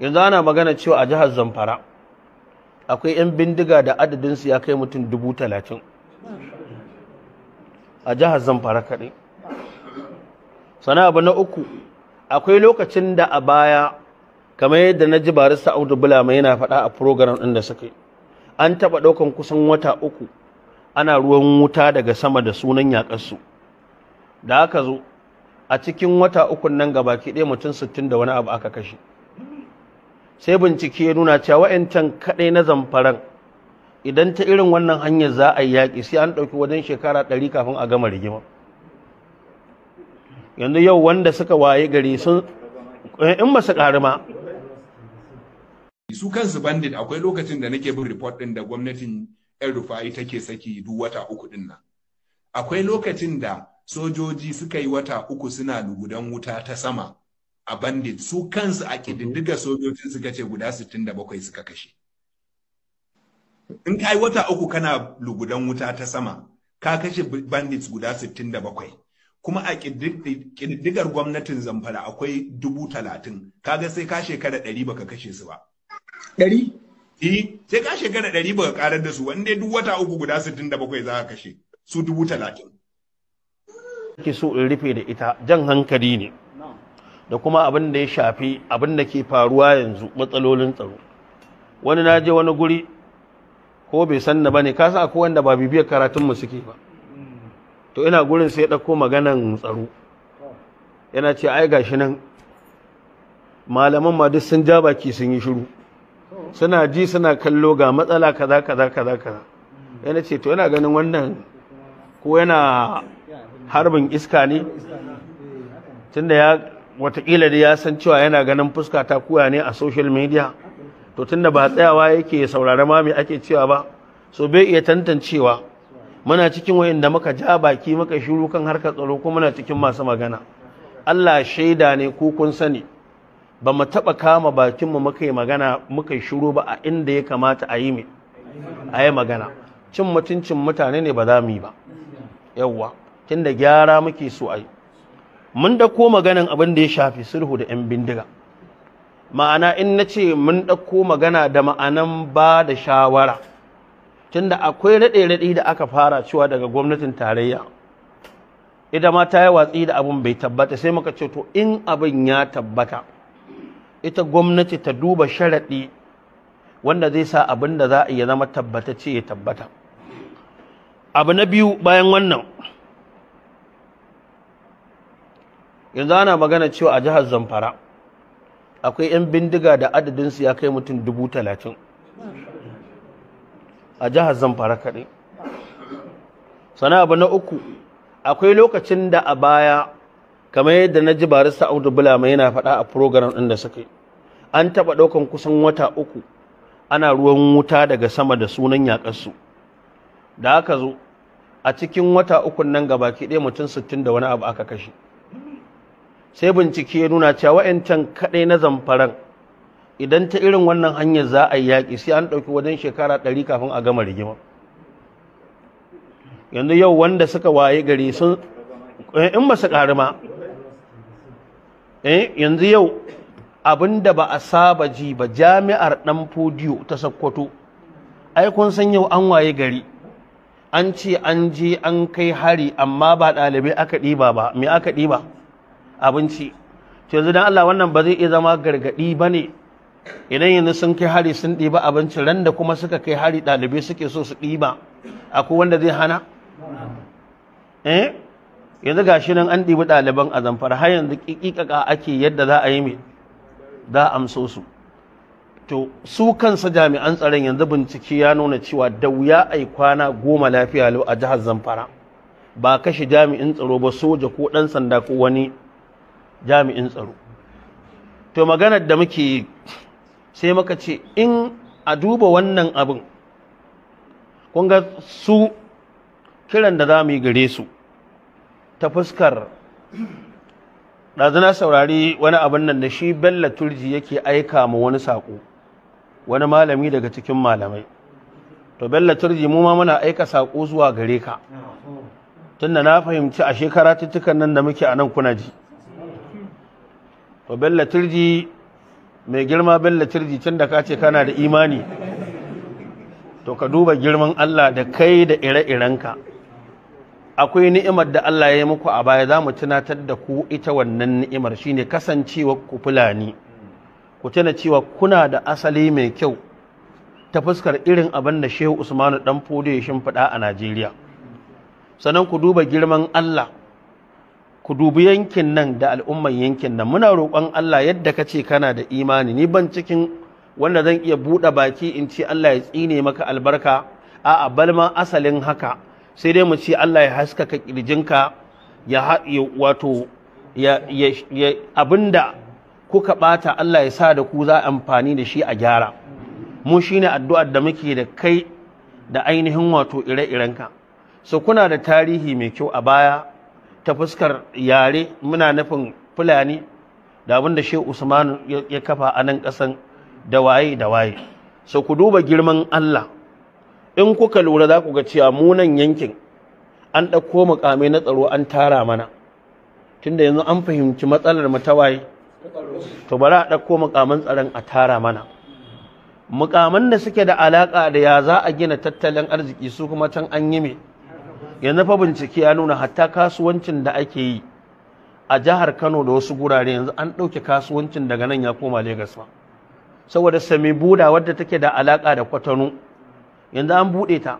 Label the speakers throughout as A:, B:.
A: yanzu ana magana cewa a jihar zamfara akwai 'yan bindiga da adadin su ya kai mutum dubu talatin a jihar zamfara kaɗai sana abu na uku akwai lokacin da a baya kamar yadda na ji barista audu mai yana faɗa a program ɗin da suka yi an taɓa ɗaukan kusan wata uku ana ruwan wuta daga sama da sunan yaƙarsu da aka zo a cikin wata uku nan gabaki ɗaya mutum sittin da wani abu aka kashe sai bincike ya nuna cewa wa'yancan kaɗai na zamfaran idan ta irin wannan hanyar za a yi yaƙi sai an ɗauki wajen shekara ɗari kafin a gama rigima yanzu yau wanda suka waye gari sun eh, in ba su ƙari ma su kansu bandit akwai lokacin da nake bin report ɗin da gwamnatin yan rufa'i take saki duk wata uku ɗin nan akwai lokacin da sojoji suka yi wata uku suna lugudan wuta ta sama a bandit su kansu a mhm. ƙididdiga sojojin suka ce guda 67 suka kashe in kai wata uku kana lugudan wuta ta sama ka kashe bandits guda 67 kuma a ƙididdigar gwamnatin zamfara akwai dubu talatin kaga sai ka shekara ɗari baka kashe su ba ɗari eh sai ka shekara ɗari baka karar da su wanda duk wata uku guda 67 za ka kashe su dubu talatin. Ake so in rufe da ita jan hankali ne. da kuma abin da ya shafi abin da ke faruwa yanzu matsalolin tsaro wani na je wani guri ko bai san na bane ka san akwai wanda ba bibiyar karatun mu suke ba mm. to ina gurin sai ya dauko maganan tsaro yana ce ai gashi nan malaman ma duk sun ja baki sun yi shiru suna ji suna kallo ga matsala kaza kaza kaza kaza yana ce to yana ganin wannan ko yana harbin iska ne eh, tunda ya watakila da ya san cewa yana ganin fuska ta kuya ne a social media to tunda ba tsayawa yake saurari ma mai ake cewa ba so bai iya tantancewa muna cikin wayanda muka ja baki muka shiru kan harkar tsaro kuma muna cikin masu magana Allah shaida ne ko kun sani ba mu taɓa kama bakinmu muka yi magana muka shiru ba a inda ya kamata a yi magana cin mutuncin mutane ne ba za mu yi ba yawwa tunda gyara muke so a yi mun ɗauko maganan abin da ya shafi sulhu da 'yan bindiga ma'ana in na ce mun ɗauko magana da ma'anan ba da shawara tunda akwai raɗe-raɗe da aka fara cewa daga gwamnatin tarayya ita ma ta yi watsi da abin bai tabbata sai muka ce to in abin ya tabbata ita gwamnati ta duba sharaɗi wanda zai sa abin da za a iya zama tabbata ce ya tabbata abu na biyu bayan wannan yanzu ana magana cewa a jihar zamfara akwai 'yan bindiga da adadinsu ya kai mutum dubu talatin a jihar zamfara kaɗai sana abu na uku akwai lokacin da a baya kamar yadda na ji barista audu bulama yana faɗa a program ɗin da suka yi an taɓa ɗaukan kusan wata uku ana ruwan wuta daga sama da sunan yaƙarsu da aka zo a cikin wata ukun nan gabaki ɗaya mutum sittin da wani abu aka kashe sai bincike ya nuna cewa wa'ancan kaɗai na zamfaran idan ta irin wannan hanyar za a yi yaƙi sai an ɗauki wajen shekara ɗari kafin a gama rigima yanzu yau wanda suka waye gari sun eh, in ba su ƙari ma eh, yanzu yau abin da ba a saba ji ba jami'ar ɗan fodiyo ta sakkwato ai kun san yau an waye gari an ce an je an kai hari amma ba ɗalibai aka ɗiba ba me aka ɗiba abinci to yanzu dan Allah wannan ba zai iya zama gargadi bane idan yanzu sun kai hari sun ɗiba abinci ran da kuma suka kai hari ɗalibai suke so su ɗiba akwai wanda zai hana eh yanzu gashi nan an ɗibi ɗaliban a zamfara har yanzu ƙiƙiƙaƙa ake yadda za a yi mai za a amso su to su kansa jami'an tsaron yanzu bincike ya nuna cewa da wuya a yi kwana goma lafiya lau a jihar zamfara ba kashe jami'in tsaro ba soja ko ɗan sanda ko wani jami'in tsaro to maganar da muke sai muka ce in a duba wannan abin kun ga su kiran da za mu yi gare su ta fuskar ɗazuna saurari wani abin nan da shi bella turji yake aika ma wani saƙo wani malami daga cikin malamai to bella turji mu ma muna aika saƙo zuwa gare ka tunda na fahimci a shekara titikan nan da muke a nan kuna ji to bella turji mai girma bella turji tun da ka ce kana da imani to ka duba girman Allah da kai da ire-irenka akwai ni'imar da Allah ya yi muku a baya za mu tunatar da ku ita wannan ni'imar shine kasancewa ku fulani ku tuna cewa kuna da asali mai kyau ta fuskar irin abin da Shehu Usmanu dan Fodo ya shimfiɗa a Najeriya sannan ku duba girman Allah ku dubi yankin nan da al'umman yankin nan muna roƙon Allah yadda kace kana da imani ni ban cikin wanda zan iya buɗe baki in ce Allah ya tsine maka albarka a'a ma asalin haka sai dai mu ce Allah ya haskaka kirjinka ya wato ya abinda kuka ɓata. Allah ya sa da ku za amfani da shi a gyara mu shine addu'ar da muke da kai da ainihin wato ire-irenka so kuna da tarihi mai kyau a baya ta fuskar yare muna nufin fulani da abin da shehu usmanu ya kafa a nan ƙasan da waye da waye so ku duba girman allah in kuka lura za ku ga cewa munan yankin an ɗauko mukamai na tsaro an tara mana tunda yanzu an fahimci matsalar mu ta waye to bari a ɗauko mukaman tsaron a tara mana mukaman da suke da alaƙa da ya za a gina tattalin arziki su kuma can an yi mai yanzu fa bincike ya nuna hatta kasuwancin da ake yi a jihar Kano da wasu gurare yanzu an ɗauke kasuwancin daga nan ya koma Legas ba saboda sami buda wadda take da alaka da kwatano yanzu an buɗe ta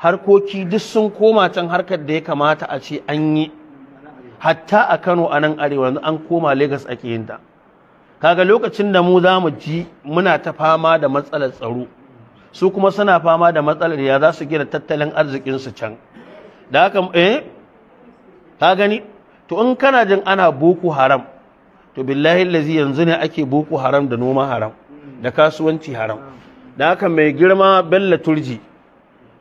A: harkoki duk sun koma can harkar da ya kamata a ce an yi hatta a Kano a nan arewa yanzu an koma Legas ake yin ta kaga lokacin da mu za mu ji muna ta fama da matsalar tsaro su kuma suna fama da matsalar ya za su gina tattalin arzikinsu can da haka eh ka gani to in kana jin ana boko haram to billahi lazi yanzu ne ake boko haram da noma haram da kasuwanci haram da haka mai girma bella turji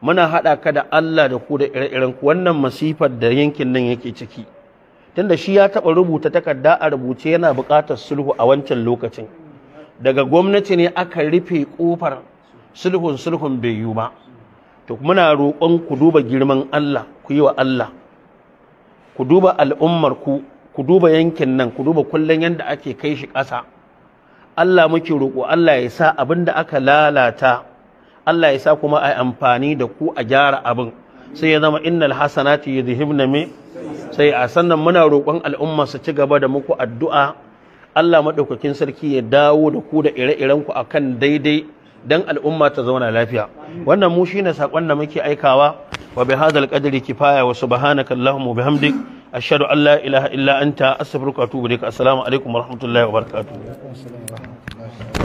A: muna haɗa ka da Allah da ku da ire-iren ku wannan masifar da yankin nan yake ciki tunda shi ya taɓa rubuta takarda a rubuce yana bukatar sulhu a wancan lokacin daga gwamnati ne aka rufe ƙofar sulhun sulhun bai yiwu ba to muna roƙon ku duba girman Allah ku yi wa Allah ku duba al'ummar ku ku duba yankin nan ku duba kullun yanda ake kai shi ƙasa Allah muke roƙo Allah ya sa abin da aka lalata Allah ya sa kuma a amfani da ku a gyara abin sai ya zama innal hasanati yadhhibna mi sai a sannan muna roƙon al'umma su ci gaba da muku addu'a Allah maɗaukakin sarki ya dawo da ku da ire-irenku akan daidai dan al'umma ta zauna lafiya wannan mu shine sakon da muke aikawa wa bi hadzal qadri kifaya wa subhanaka allahumma bihamdik ashhadu an la ilaha illa anta astaghfiruka wa atubu ilaik assalamu alaikum wa rahmatullahi wa barakatuh